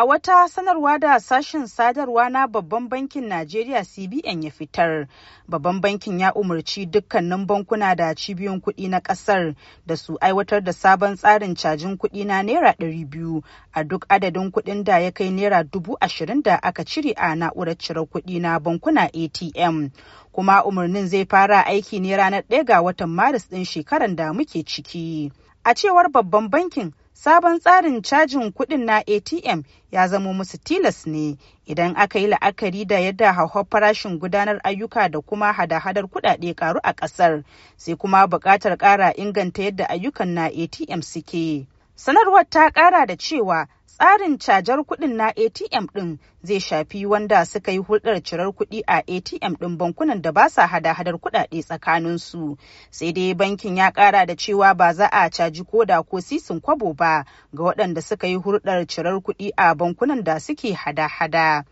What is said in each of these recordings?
A wata sanarwa da sashen sadarwa na Babban Bankin Najeriya CBN ya fitar, Babban Bankin ya umarci dukkanin bankuna da cibiyoyin kuɗi na ƙasar da su aiwatar da sabon tsarin cajin kuɗi na Naira ɗari biyu a duk adadin kuɗin da ya kai Naira dubu ashirin da aka cire a na'urar cire kuɗi na bankuna ATM. Kuma umarnin zai fara aiki ne ranar ɗaya ga watan Maris ɗin shekaran da muke ciki. A cewar Babban Bankin, sabon tsarin cajin kuɗin na atm ya zamo musu tilas ne idan aka yi la'akari da yadda hauhawar farashin gudanar ayyuka da kuma hada-hadar kudade karu a ƙasar sai kuma buƙatar ƙara inganta yadda ayyukan na atm suke sanarwar ta ƙara da cewa tsarin cajar kuɗin na atm ɗin zai shafi wanda suka yi hulɗar cirar kuɗi a atm ɗin bankunan da ba sa hada-hadar kuɗaɗe tsakaninsu sai dai bankin ya ƙara da cewa ba za a caji koda ko sisin kwabo ba ga waɗanda suka yi hulɗar cirar kuɗi a bankunan da suke hada-hada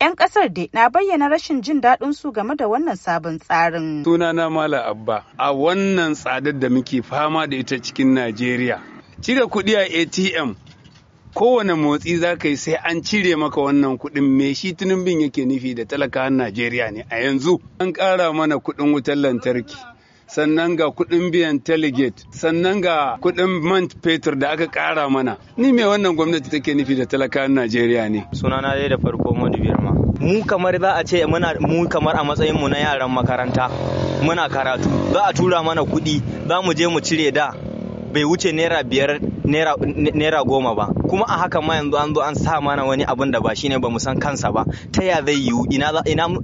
'yan ƙasar dai na bayyana rashin jin daɗin su game da wannan sabon tsarin. Sunana Mala Abba, a wannan tsadar da muke fama da ita cikin Najeriya. Cire kuɗi a ATM kowane motsi za ka yi sai an cire maka wannan kuɗin me shi bin yake nufi da talakawan najeriya ne a yanzu an ƙara mana kuɗin wutar lantarki sannan ga kuɗin biyan telegate sannan ga kuɗin man fetur da aka ƙara mana ni me wannan gwamnati take nufi da talakawan najeriya ne sunana dai da farko madu ma mu kamar za a ce muna mu kamar a matsayin mu na yaran makaranta muna karatu za a tura mana kuɗi za mu je mu cire da bai wuce naira biyar naira goma ba kuma a haka ma yanzu an zo an sa mana wani abin da ba shine ba mu san kansa ba ta ya zai yiwu ina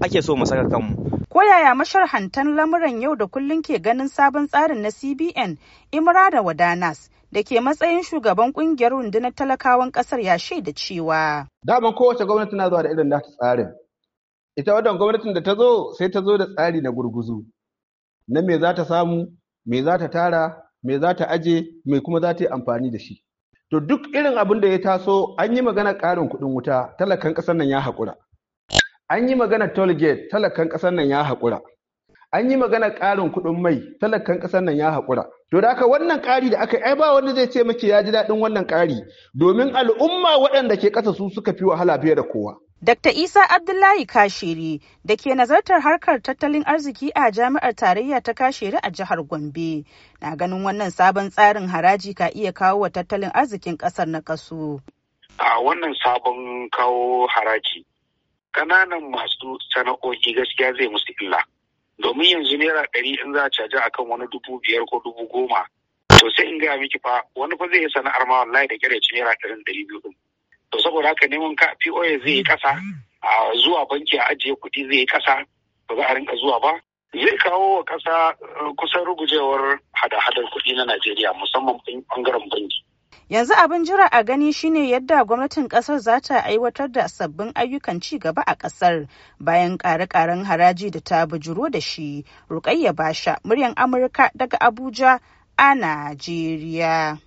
ake so mu saka kanmu ko yaya masharhantan lamuran yau da kullun ke ganin sabon tsarin na CBN Imra da Wadanas da ke matsayin shugaban kungiyar rundunar talakawan kasar ya shaida cewa Dama kowace gwamnati na zuwa da irin nata tsarin ita wannan gwamnatin da ta zo sai ta zo da tsari na gurguzu na me za ta samu me za ta tara me za ta aje me kuma za ta yi amfani da shi to duk irin abin da ya taso an yi magana karin kuɗin wuta talakan ƙasar nan ya haƙura an yi magana toll gate talakan ƙasar nan ya haƙura an yi magana karin kuɗin mai talakan ƙasar nan ya haƙura to da aka wannan ƙari da aka ai ba wanda zai ce maki ya ji daɗin wannan ƙari domin al'umma waɗanda ke ƙasa su suka fi wahala fiye da kowa Dr. Isa Abdullahi Kashiri da ke nazartar harkar tattalin arziki a jami'ar tarayya ta Kashiri a jihar Gombe na ganin wannan sabon tsarin haraji ka iya kawo wa tattalin arzikin kasar na kasu. A wannan sabon kawo haraji, ƙananan masu sana'o'i gaskiya zai musu illa. Domin yanzu naira ɗari in za a caji akan wani dubu biyar ko dubu goma, to sai in gaya miki fa wani fa zai yi sana'ar ma wallahi da kyar ya ci naira ɗarin ɗari biyu to saboda haka neman ka POS zai yi kasa a zuwa banki a ajiye kuɗi zai yi kasa ba za a rinka zuwa ba zai kawo wa kasa eh, kusan rugujewar hada-hadar kuɗi na Najeriya musamman bangaren banki. Yanzu abin jira a gani shine yadda gwamnatin kasar za ta aiwatar da sabbin ayyukan ci gaba a kasar bayan ƙare-ƙaren haraji da ta bujuro da shi. Rukayya Basha, muryan Amurka daga Abuja a Najeriya.